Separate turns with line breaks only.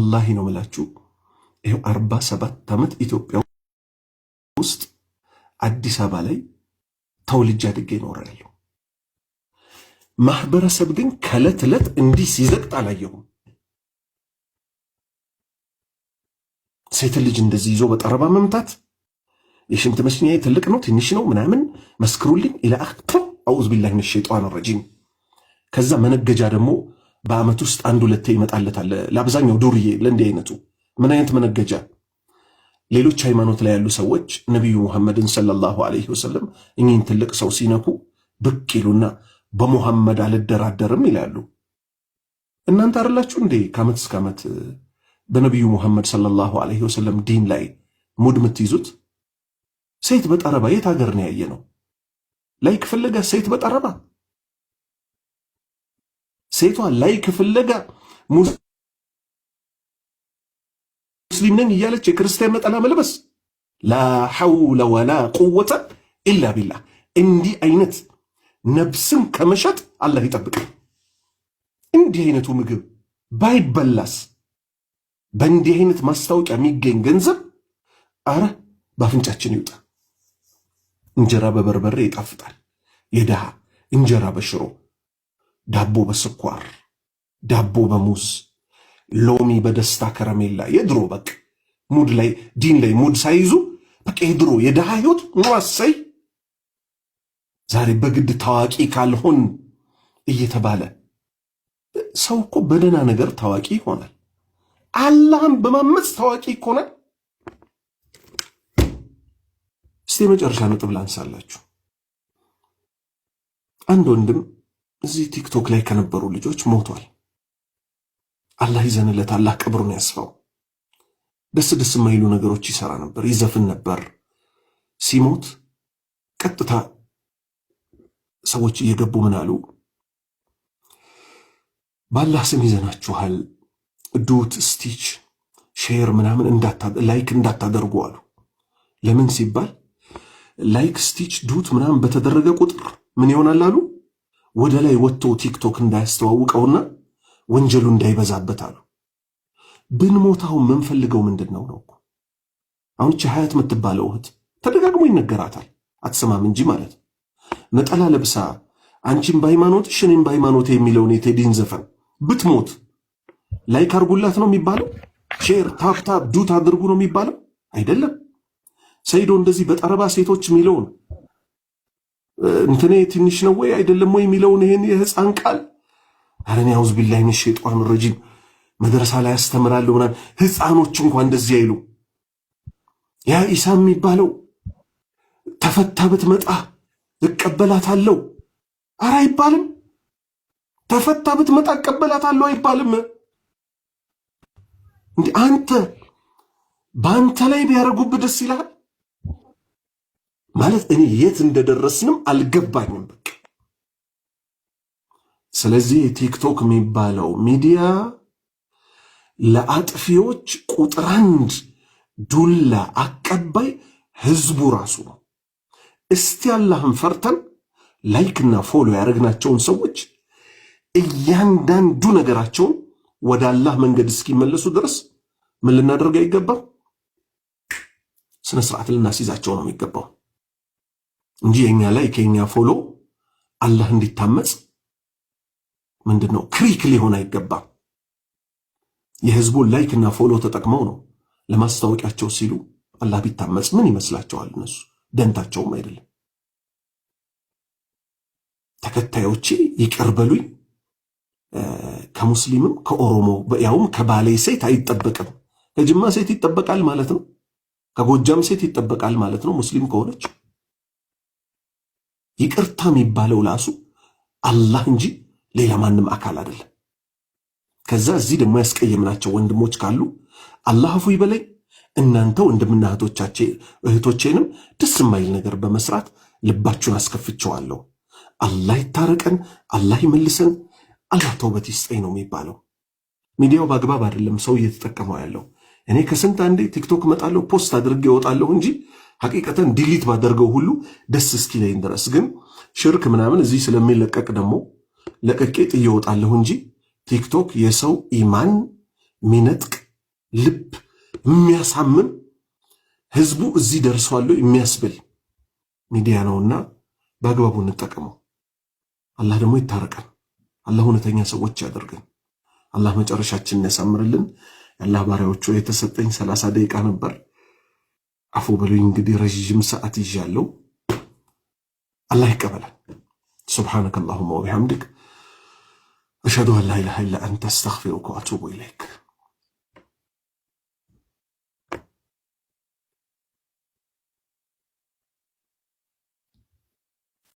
ወላሂ ነው ምላችሁ። ይኸው አርባ ሰባት ዓመት ኢትዮጵያ ውስጥ አዲስ አበባ ላይ ተወልጄ አድጌ እኖራለሁ። ማህበረሰብ ግን ከእለት እለት እንዲህ ሲዘቅጥ አላየሁም። ሴትን ልጅ እንደዚህ ይዞ በጠረባ መምታት የሽንት መሽኛዬ ትልቅ ነው ትንሽ ነው ምናምን መስክሩልኝ ኢላ አክቶ አዑዝ ቢላሂ ሚነ ሸይጧን ረጂም። ከዛ መነገጃ ደግሞ በአመት ውስጥ አንድ ሁለቴ ይመጣለታል። ለአብዛኛው ዱርዬ ለእንዲህ አይነቱ ምን አይነት መነገጃ! ሌሎች ሃይማኖት ላይ ያሉ ሰዎች ነቢዩ ሙሐመድን ሰለላሁ አለይህ ወሰለም እኚህን ትልቅ ሰው ሲነኩ ብቅ ይሉና በሙሐመድ አልደራደርም ይላሉ። እናንተ አይደላችሁ እንዴ ከአመት እስከ ዓመት በነቢዩ ሙሐመድ ሰለላሁ ዐለይሂ ወሰለም ዲን ላይ ሙድ የምትይዙት? ሴት በጠረባ የት ሀገር ነው ያየ ነው? ላይክ ፍለጋ ሴት በጠረባ ሴቷ ላይክ ፍለጋ ሙስሊም ነኝ እያለች የክርስቲያን ነጠላ መልበስ ላ ሐውለ ወላ ቁወተ ኢላ ቢላህ። እንዲህ አይነት ነብስን ከመሸጥ አላህ ይጠብቃል። እንዲህ አይነቱ ምግብ ባይበላስ በእንዲህ አይነት ማስታወቂያ የሚገኝ ገንዘብ አረ በአፍንጫችን ይውጣ። እንጀራ በበርበሬ ይጣፍጣል፣ የድሃ እንጀራ በሽሮ ዳቦ በስኳር ዳቦ በሙዝ ሎሚ በደስታ ከረሜላ የድሮ በቅ ሙድ ላይ ዲን ላይ ሙድ ሳይዙ በቃ የድሮ የድሃ ህይወት ሙዋሰይ ዛሬ በግድ ታዋቂ ካልሆን እየተባለ ሰው እኮ በደህና ነገር ታዋቂ ይሆናል። አላህም በማመፅ ታዋቂ ይሆናል። እስቲ የመጨረሻ ነጥብ ላንሳላችሁ። አንድ ወንድም እዚህ ቲክቶክ ላይ ከነበሩ ልጆች ሞቷል። አላህ ይዘንለት፣ አላህ ቀብሩን ያስፋው። ደስ ደስ የማይሉ ነገሮች ይሰራ ነበር፣ ይዘፍን ነበር። ሲሞት ቀጥታ ሰዎች እየገቡ ምን አሉ? በአላህ ስም ይዘናችኋል፣ ዱት ስቲች ሼር ምናምን ላይክ እንዳታደርጉ አሉ። ለምን ሲባል ላይክ ስቲች ዱት ምናምን በተደረገ ቁጥር ምን ይሆናል አሉ ወደ ላይ ወጥቶ ቲክቶክ እንዳያስተዋውቀውና ወንጀሉ እንዳይበዛበት አሉ። ብንሞታው የምንፈልገው ምንድን ነው ነው አሁን ቺ ሀያት የምትባለው እህት ተደጋግሞ ይነገራታል፣ አትሰማም እንጂ ማለት ነጠላ ለብሳ አንቺም በሃይማኖትሽ እኔም በሃይማኖቴ የሚለውን የቴዲን ዘፈን ብትሞት ላይክ አርጉላት ነው የሚባለው? ሼር ታፕታፕ ዱት አድርጉ ነው የሚባለው? አይደለም። ሰይዶ እንደዚህ በጠረባ ሴቶች የሚለውን እንትኔ ትንሽ ነው ወይ አይደለም ወይ የሚለውን ይሄን የህፃን ቃል አረኔ አውዝ ቢላይ ምን ሸይጣን ረጂም መድረሳ ላይ ያስተምራለሁ ምናምን ህፃኖች እንኳን እንደዚህ አይሉ። ያ ኢሳ የሚባለው ተፈታ ብትመጣ እቀበላታለሁ አረ አይባልም። ተፈታ ብትመጣ እቀበላታለሁ አይባልም። እንዴ አንተ በአንተ ላይ ቢያደርጉብህ ደስ ይላል። ማለት እኔ የት እንደደረስንም አልገባኝም። በቃ ስለዚህ ቲክቶክ የሚባለው ሚዲያ ለአጥፊዎች ቁጥር አንድ ዱላ አቀባይ ህዝቡ ራሱ ነው። እስቲ አላህን ፈርተን ላይክና ፎሎ ያደረግናቸውን ሰዎች እያንዳንዱ ነገራቸውን ወደ አላህ መንገድ እስኪመለሱ ድረስ ምን ልናደርግ አይገባም? ስነ ስርዓት ልናስይዛቸው ነው የሚገባው። እንጂ የኛ ላይ ከኛ ፎሎ አላህ እንዲታመጽ ምንድን ነው ክሪክ ሊሆን አይገባም። የህዝቡን ላይክና ፎሎ ተጠቅመው ነው ለማስታወቂያቸው ሲሉ አላህ ቢታመጽ ምን ይመስላቸዋል? እነሱ ደንታቸውም አይደለም። ተከታዮቼ ይቀርበሉኝ ከሙስሊምም ከኦሮሞ ያውም ከባሌ ሴት አይጠበቅም። ከጅማ ሴት ይጠበቃል ማለት ነው። ከጎጃም ሴት ይጠበቃል ማለት ነው። ሙስሊም ከሆነች ይቅርታ የሚባለው ራሱ አላህ እንጂ ሌላ ማንም አካል አይደለም። ከዛ እዚህ ደግሞ ያስቀየምናቸው ወንድሞች ካሉ አላህ አፉ ይበለኝ፣ እናንተ ወንድምና እህቶቼንም ደስ የማይል ነገር በመስራት ልባችሁን አስከፍቸዋለሁ አላህ ይታረቀን፣ አላህ ይመልሰን፣ አላህ ተውበት ይስጠኝ ነው የሚባለው። ሚዲያው በአግባብ አይደለም ሰው እየተጠቀመው ያለው። እኔ ከስንት አንዴ ቲክቶክ እመጣለሁ ፖስት አድርጌ እወጣለሁ እንጂ ሀቂቀትን ዲሊት ባደርገው ሁሉ ደስ እስኪለኝ ድረስ ግን ሽርክ ምናምን እዚህ ስለሚለቀቅ ደግሞ ለቀቄጥ ጥዬ እንጂ ቲክቶክ የሰው ኢማን ሚነጥቅ ልብ የሚያሳምን ህዝቡ እዚህ ደርሷለሁ የሚያስብል ሚዲያ ነውና በአግባቡ እንጠቀመው። አላህ ደግሞ ይታረቀን። አላህ እውነተኛ ሰዎች ያደርገን። አላህ መጨረሻችንን ያሳምርልን። የአላህ ባሪያዎቹ የተሰጠኝ ሰላሳ ደቂቃ ነበር። አፉ በሉኝ እንግዲህ ረዥም ሰዓት ይዣለው። አላህ ይቀበላል። ሱብሓነከ አላሁማ ወቢሐምድክ አሽሀዱ አን ላ ኢላሃ ኢላ አንተ አስተግፊሩከ ወአቱቡ ኢለይክ።